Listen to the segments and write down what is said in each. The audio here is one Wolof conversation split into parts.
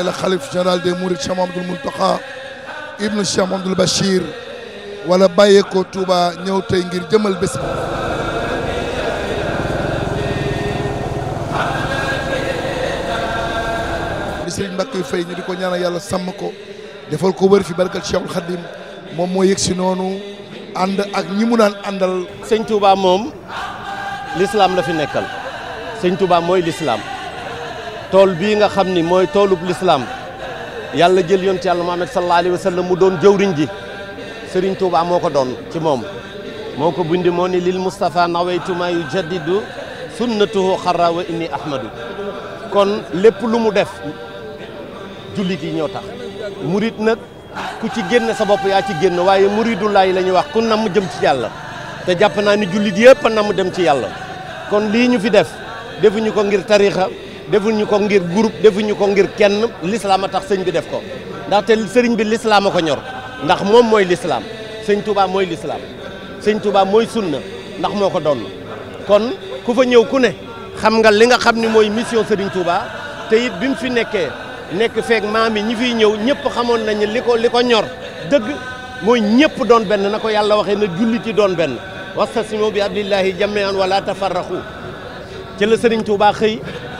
الى خليف جرال دي مورد شام عبد الملتقى ابن شام عبد البشير ولا بايكو توبا نيو تاي غير جمل بس سيرن مباكي فاي ني ديكو نانا يالا سامكو ديفال كو وير في بركه الشيخ الخديم موم مو يكسي نونو اند اك ني مودان اندال سيرن توبا موم الاسلام لا في نيكال سيرن توبا موي الاسلام tool bii nga xam ni mooy toolub lislaam yàlla jël yonent yàlla Muhammad sallallahu alayhi wa mu doon jëwriñ ji sëriñ tuuba moo ko doon ci moom moo ko bindi moo ni lil Moustapha nawaytu ma yujaddidu sunnatuhu xarra wa inni ahmadu kon lépp lu mu def jullit yi ñoo tax murit nag ku ci génn sa bopp yaa ci génn waaye muridullaay la ñuy wax ku mu jëm ci yàlla te jàpp naa ni jullit yëpp a namm dem ci yàlla kon lii fi def defuñu ko ngir tariixa defuñu ko ngir groupe defuñu ko ngir kenn lislaam a tax sëñ bi def ko ndaxte sëriñ bi lislaam a ko ñor ndax moom mooy lislaam sëñ Touba mooy lislaam sëñ Touba mooy sunna ndax moo ko doon kon ku fa ñëw ku ne xam nga li nga xam ni mooy mission sëriñ Touba te it bi mu fi nekkee nekk feek maam yi ñi fiy ñëw ñëpp xamoon nañu li ko li ko ñor dëgg mooy ñëpp doon benn na ko yàlla waxee na jullit yi doon benn wastasimu bi abdillahi jamian wala tafarraqu ci la sëriñ Touba xë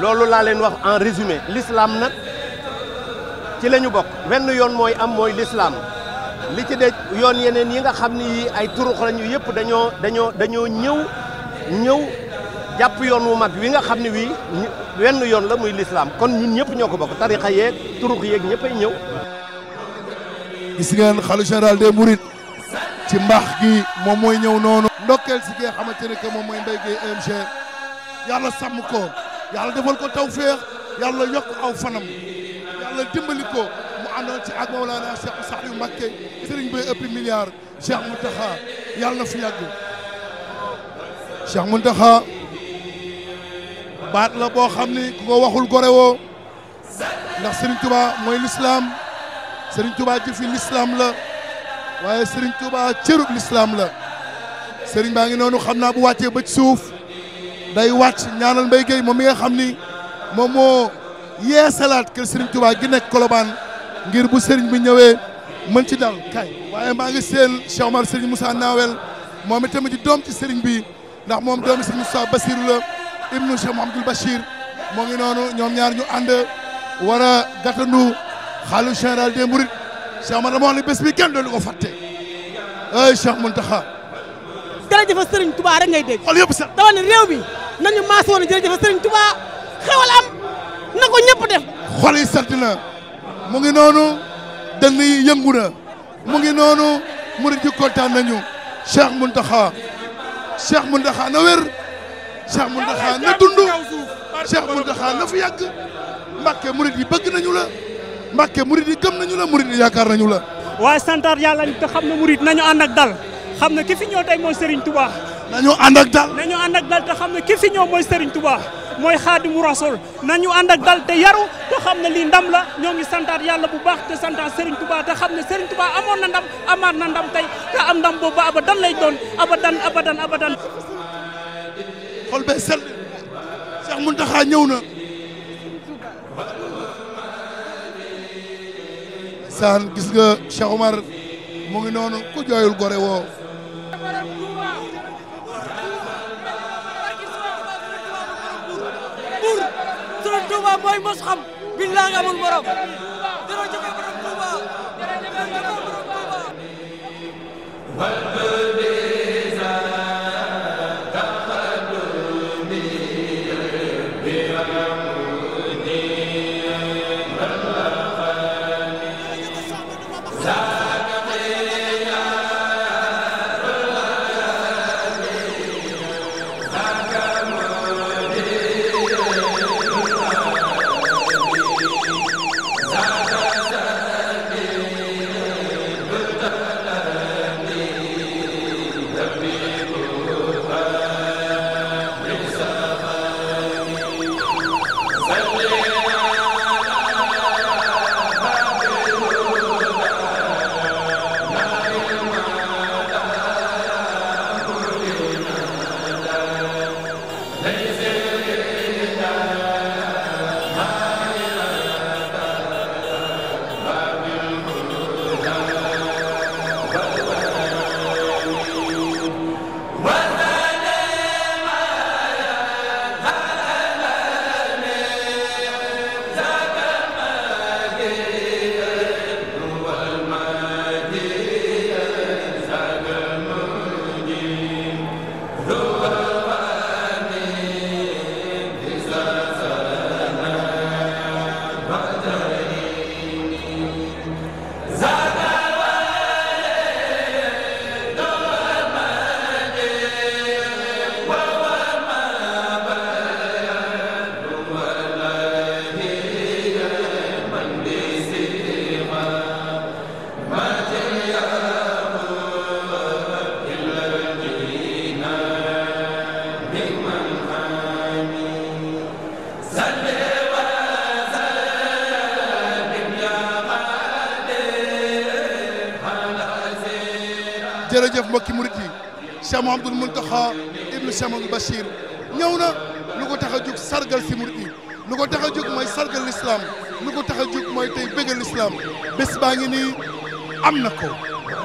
loolu la len wax en résumé l'islam nak ci lañu ñu bokk wenn yoon moy am moy l'islam li ci de yon yeneen yi nga xamni yi ay turux lañu yépp dañoo dañoo dañoo ñëw ñëw japp yoon wu mag wi nga xamni wi wenn yoon la moy l'islam kon ñun ñëpp ñoko ko bokk tarixa yeeg turux yeeg ñëppay ñëw gis ngeen xalu général des mourides ci mbax gi mom moy ñëw nonu ndokel ci nga xamante ne que moom mooy mg yalla sam ko yàlla defal ko tawféex yàlla yokk aw fanam yàlla dimbali ko mu àndoon ci ak Mawlana Cheikh Saliou Mbacké sëriñ bay ëppi milliard Cheikh Mountakha yàlla na fu yàgg Cheikh Mountakha baat la boo xam ni ku ko waxul gore ndax sëriñ Touba mooy lislaam sëriñ tubaa jëfi lislaam la waaye sëriñ tubaa cërub lislaam la sëriñ baa ngi noonu xam naa bu wàccee ba ci suuf day wàcc ñaanal mbey Gueye moom mi nga xamni ni mo moo ke Serigne Touba gi nek koloban ngir bu Serigne bi ñëwé man ci dal kay waye ma nga seen Cheikh Omar Serigne Moussa Nawel moom itamit di dom ci Serigne bi ndax mom dom Serigne Moussa Bassirou la ibnu Cheikh Mouhamadoul Bachir mo ngi nonu ñom ñaar ñu ànd wara gatanu khalu xaalu général des Mourides Cheikh Omar mo ngi bés bi kenn do lu ko fàtte ay Cheikh muntaha Mountakha jërëjëf Serigne Touba rek ngay deg xol yëpp sa dama ne réew mi nañu maas woon jërëjëf Serigne Touba xewal am na ko def. xol yi sant mu ngi nonu dënn yi yenguna mu ngi nonu mouride ci kontaan nañu Cheikh muntaha Cheikh muntaha na wer Cheikh muntaha na dundu Cheikh muntaha na fu yag mbacke mouride yi bëgg nañu la mbacke mouride yi gëm nañu la mouride yi yaakaar nañu la. waaye santaat yàlla te xamna mouride nañu and ak dal xamna ki fi ñëw tay mo Serigne Touba. nañu ànd ak dal nañu ànd ak te xam ne ki fi ñëw mooy Serigne Touba mooy Xaadimu Rasul nañu ànd ak dal te yaru te xam ne lii ndam la ñoo ngi santaat yàlla bu baax te santaat Serigne Touba te xam ne Serigne Touba amoon na ndam amaat na ndam tey te am ndam boobu ba abadan lay doon abadan abadan abadan. xol bee sell Cheikh Mountakha ñëw na. saan gis nga Cheikh Omar mu ngi noonu ku jooyul gore woo. موي مسخم بالله امول بروم jërëjëf mbokki mouride yi Cheikh Mouhamadoul Mountakha ibn Cheikh bashir ñewna ñëw na juk sargal ci mouride yi lu ko tax a sargal l'islam lu ko juk moy tay mooy tey bëggal lislaam bés ba ngi ni amna ko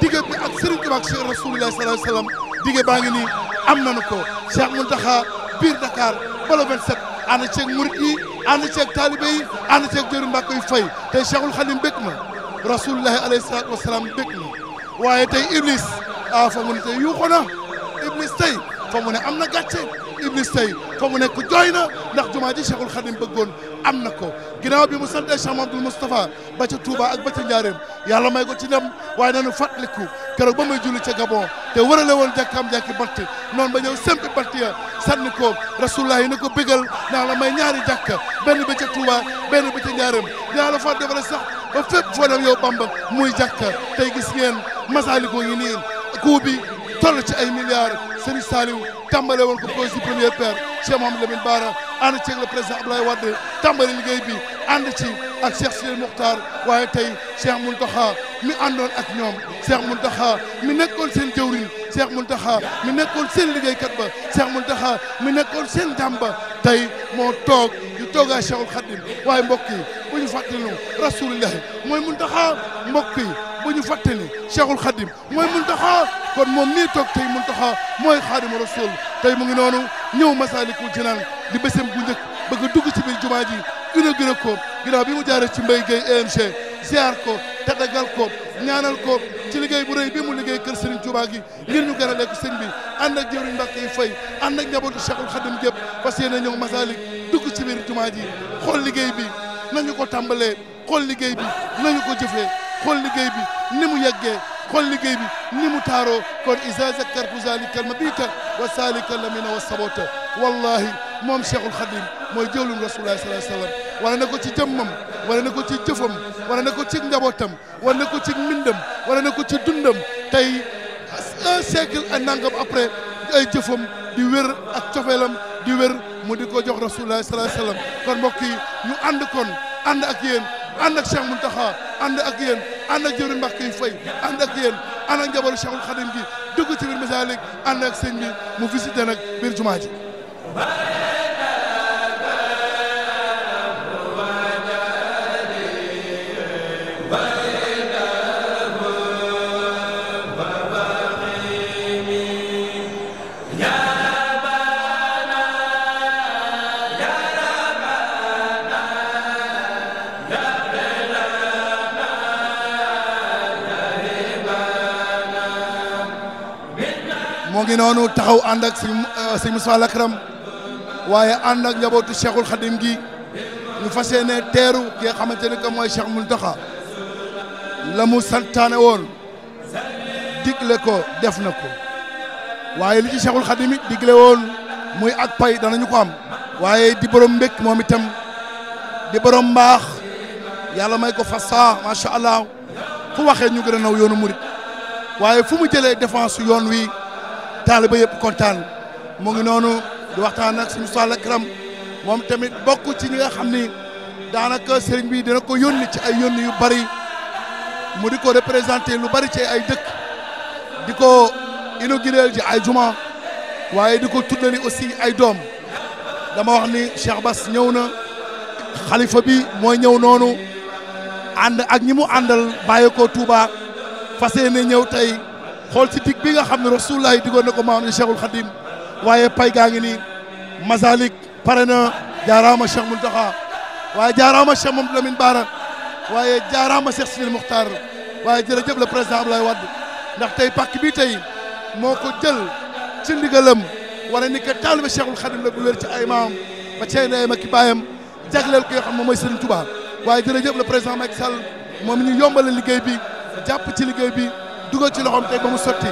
dige bi ak serigne touba ak Cheikh rasoulullah sallallahu alayhi wasallam sallam dige baa ngi ni amna ko Cheikh Mountakha bir Dakar bolo 27 ana ci mouride yi ànd ceeg taalibe yi ànd ceeg jëru mbàkk yu fay tay Cheikhul khalim bëgg na alayhi salaatu wa salaam bëgg na Iblis ah fa mu ne tey yuuxu na Iblis tey fa mu ne am na gàcce Iblis tey fa mu ne ku jooy na ndax jumaa ji Cheikhul Khadim bëggoon am na ko ginnaaw bi mu santee Cheikh Mamadou Moustapha ba ca Touba ak ba ca Njaareem yàlla may ko ci ndam waaye nañu fàttaliku keroog ba muy julli ca Gabon te warale woon jàkkaam jàkki bant noonu ba ñëw sempi bant ya sànni ko rasulullah yi ne ko bégal naa la may ñaari jàkka benn bi ca Touba benn bi ca Njaareem dinaa la fàttali sax ba fépp foo dem yow Bamba muy jàkka tey gis ngeen masaalikoo ngi nii كوبي تلت اي مليار سيري ساليو تامبالي وانكو بروزي بروميير بير شيخ محمد لبن بارا انا تيك لبريزن ابلاي واد تامبالي لغي بي انا تيك اك شيخ سيري مختار وهي تي شيخ منتخا مي اندون اك نيوم شيخ منتخا مي نكول سين جورين شيخ منتخا مي نكول سين لغي كتبا شيخ منتخا مي نكول سين جامبا تي مو توق يو توقع شاول خدم وهي مبكي بني فاتلو رسول الله مو منتخا مبكي بني فاتلو cheikhul xadim mooy muntaxa kon moom mii toog tey muntaxa moy xaadimu rasul tay mo ngi nonu ñëw masalikul jinan di bésam bu ñeuk bëgg dugg ci bir jumaa ji gëna gëna ko ginnaaw bi mu jaaree ci mbey Gueye amc ziar ko tatagal ko ñaanal ko ci liggéey bu rëy bi mu liggéey keur Serigne Touba gi ngir ñu gëralee ko serigne bi ànd ak jëru Mbàkke yi fay ànd ak njabootu Cheikhul Khadim jëp fas yéene ñëw Masalik dugg ci bir jumaa ji xol liggéey bi nañu ko tambalé xol liggéey bi nañu ko jëfé خل لجي بي نمو يجي خل لجي بي نمو تارو كون إذا ذكر ذلك المبيت وسالك اللمين والصبوت والله موم شيخ الخديم موي جول رسول الله صلى الله عليه وسلم وانا نكو تي جمم وانا نكو تي جفم وانا نكو تي نبوتم نكو تي مندم نكو تي تاي سيكل انانغم ابري اي جفم دي وير اك تيوفلام دي وير مو ديكو جوخ كون موكي ني اند كون اند اك شيخ منتخب ànd ak yéen ànd ak jëwriñ Mbàkke yu fay ànd ak yéen ànd ak njabootu Cheikhul Khadim gi dugg ci biir Masalik ànd ak sëñ bi mu visité nag biir jumaa ji mu ngi noonu taxaw ànd ak sëñ Moussa Lakram waaye ànd ak njabootu Cheikhul Khadim gi ñu fas yéene teeru ki nga xamante ne que mooy Cheikh Mountakha la mu santaane woon digle ko def na ko waaye li ci Cheikhul Khadim it digle woon muy ak pay danañu ko am waaye di borom mbékk moom itam di borom mbaax yàlla may ko fasaa macha allah fu waxee ñu gën a naw yoonu murit waaye fu mu jëlee défense yoon wi. taaliba yëpp kontaan mu ngi noonu di waxtaan ak suñu Sall Karam moom tamit bokk ci ñi nga xam ni daanaka sëriñ bi dina ko yónni ci ay yónni yu bari mu di ko représenté lu bari ci ay dëkk di ko inauguré ji ay juma waaye di ko tuddali aussi ay doom dama wax ni Cheikh Bass ñëw na xalifa bi mooy ñëw noonu ànd ak ñi mu àndal bàyyi ko Touba fas yéene ñëw tey. xool ci dig bi nga xam ne Rasulullah digoon na ko maam ni Cheikhul Khadim waaye pay gaa ngi nii Masalik pare Cheikh Mountakha waaye jaaraama Cheikh Mamadou Lamine Bara waaye jaaraama Cheikh Sidil Mukhtar waaye jërëjëf le président Abdoulaye Wade ndax tey pàkk bi tey moo ko jël ci ndigalam wala ni que taalibe Cheikhul Khadim la bu wér ci ay maam ba cey ay ma ki baayam jagleel xam moom Serigne Touba waaye jërëjëf le président Macky Sall moom ñu yombale liggéey bi jàpp ci liggéey bi dugal ci loxoom tey ba mu sotti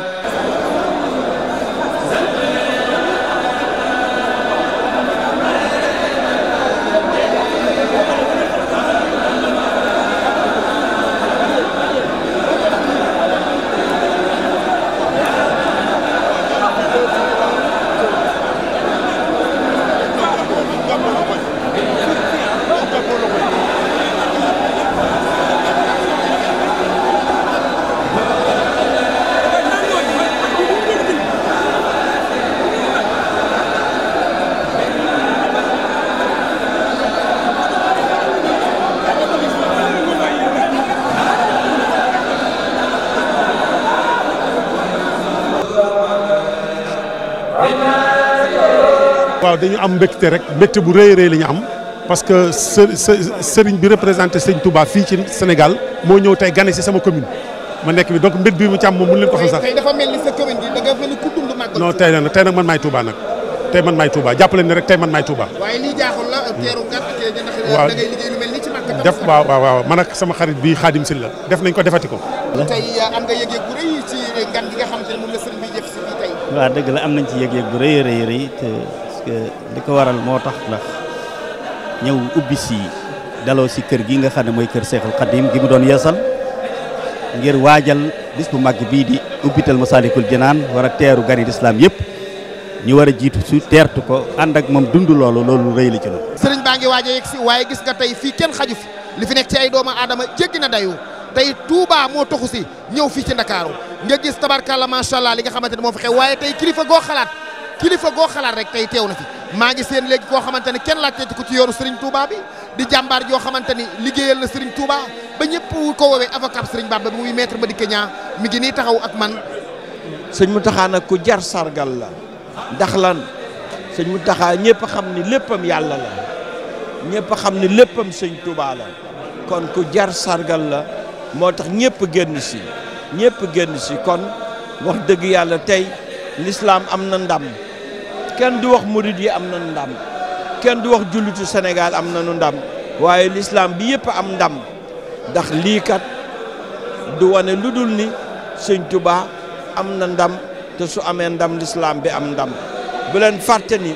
waaw dañu am mbégte rek mbégte bu rëy rëy la ñu am parce que sëriñ bi représenté sëriñ Touba fii ci Sénégal moo ñëw tey gane si sama commune ma nekk bi donc mbir bi mu ci am moom mënu leen ko xam sax. tey dafa mel ni sa nag tey man maay Touba nag tey man maay Touba jàppale ne rek tey man maay Touba. waaye lii hmm. def waaw man ak sama xarit bi Xaadim la def nañ ko defati ko. tey euh, am nga yëg-yëg bu rëy ci euh, ngan gi nga xam te ne moom la sëriñ bi jëf si fii tey. nañ ci yëg bu rëy rëy rëy parce que li ko waral moo tax ndax ñëw ubbi si daloo si kër gi nga xam ne mooy kër Seexul Xadim gi mu doon yeesal ngir waajal bis bu mag bii di ubbital Masaalikul Jinaan war a teeru gari lislaam yëpp ñu war a jiitu si teertu ko ànd ak moom dund loolu loolu rëy la ci loolu. sëriñ baa ngi waaj yegg si waaye gis nga tey fii kenn xaju fi li fi nekk ci ay doomu aadama jéggi na dayoo tey Touba moo toxu si ñëw fii ci Ndakaaru nga gis tabarkalla macha allah li nga kilifa goo xalaat rek tey teew na fi maa ngi seen léegi koo xamante ne kenn laajteeti ko ci yoonu Serigne Touba bi di jàmbaar joo xamante ni liggéeyal na Serigne Touba ba ñëpp ko woowee avocat Serigne Bamba bi muy maître Madické Niang mi ngi nii taxaw ak man. sëñ Mountakha nag ku jar sargal la ndax lan sëñ Mountakha ñëpp xam ni léppam yàlla la ñëpp xam ni léppam sëñ Touba la kon ku jar sargal la moo tax ñëpp génn si ñëpp génn si kon wax dëgg yàlla tey lislaam am na ndam. kenn du wax murid yi am na ndam kenn du wax jullitu senegaal am nañu ndam waaye lislaam bi yépp am ndam ndax liikat kat du wane lu dul ni sëñ Tuubaa am na ndam te su amee ndam lislaam bi am ndam bu leen fàtte ni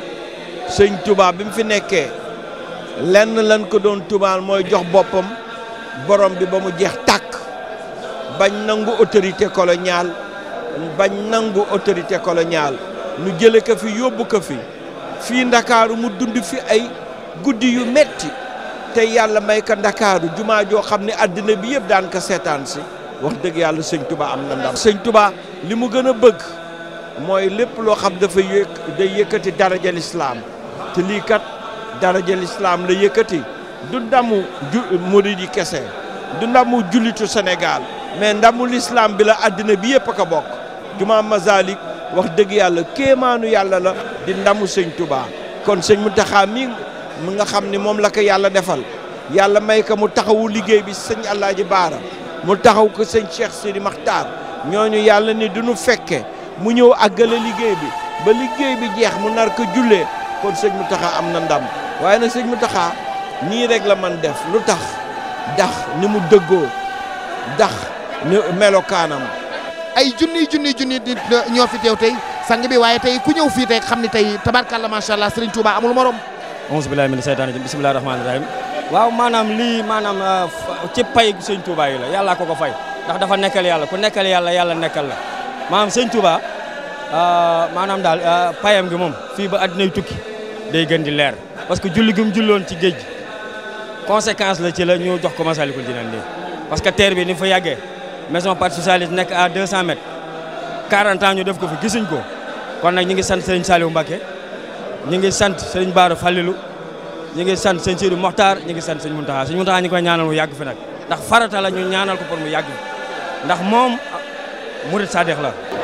sëñ Tuubaa bi mu fi nekkee lenn lan ko doon tumaal mooy jox boppam borom bi ba mu jeex tàkk bañ nangu autorité coloniale bañ nangu autorité koloñaal nu jële ko fi yóbbu ko fi fii ndakaaru mu dund fi ay guddi yu metti te yàlla may ko ndakaaru jumaa joo xam ne àddina bi yëpp daan seetaan si wax dëgg yàlla sëñ Touba am na ndam sëñ Touba li mu gën a bëgg mooy lépp loo xam dafa yëk day yëkkati daraja lislaam te lii kat daraja lislaam la yëkkati du ndamu ju murid yi kese du ndamu jullitu Sénégal mais ndamu lislaam bi la àddina bi yëpp ko bokk jumaa Masalik wax dëgg yàlla kéemaanu yàlla la di ndamu sëñ Touba kon sëñ taxaa mi mu nga xam ni moom la ko yàlla defal yàlla may ko mu taxawu liggéey bi sëñ Alaaji Baara mu taxaw ko sëñ Cheikh Sidi Makhtar ñooñu yàlla ni du fekke mu ñëw àggale liggéey bi ba liggéey bi jeex mu nar ko jullee kon sëñ Mountakha am na ndam waaye nag sëñ taxaa nii rekk la man def lu tax dax ni mu dëggoo dax ni melokaanam ay junniy junniy junni di ñoo fi tew tay sang bi waye tay ku ñew fi tay xamni tay tabarakallah ma sha allah Serigne Touba amul morom. auzu billahi mina shaytaani rajim bismillahi rahmaani rahim waaw manam li manam euh, ci pay serigne Touba yi la yalla ko ko fay ndax dafa nekkal yalla ku nekkal yalla yalla nekkal la manam serigne Touba euh, manam dal euh, payam gi mom fi ba adnay tukki day gën di leer parce que julli gum jullon ci geej conséquence la ci la ñu jox ko Masalikul dinan ni parce que terre bi ni fa yagge maison parti socialiste nekk à 200 mètres 40 ñu def ko fi gisuñ ko kon nag ñu ngi sant sëriñ Saliou Mbacké ñu ngi sant sëriñ Baara Fallilou ñu ngi sant sëñ Sidou Mokhtar ñi ngi sant sëñ Mountakha sëñ Mountakha ñu koy ñaanal mu yàgg fi nag ndax farata la ñu ñaanal ko pour mu yàgg ndax moom murid sadex la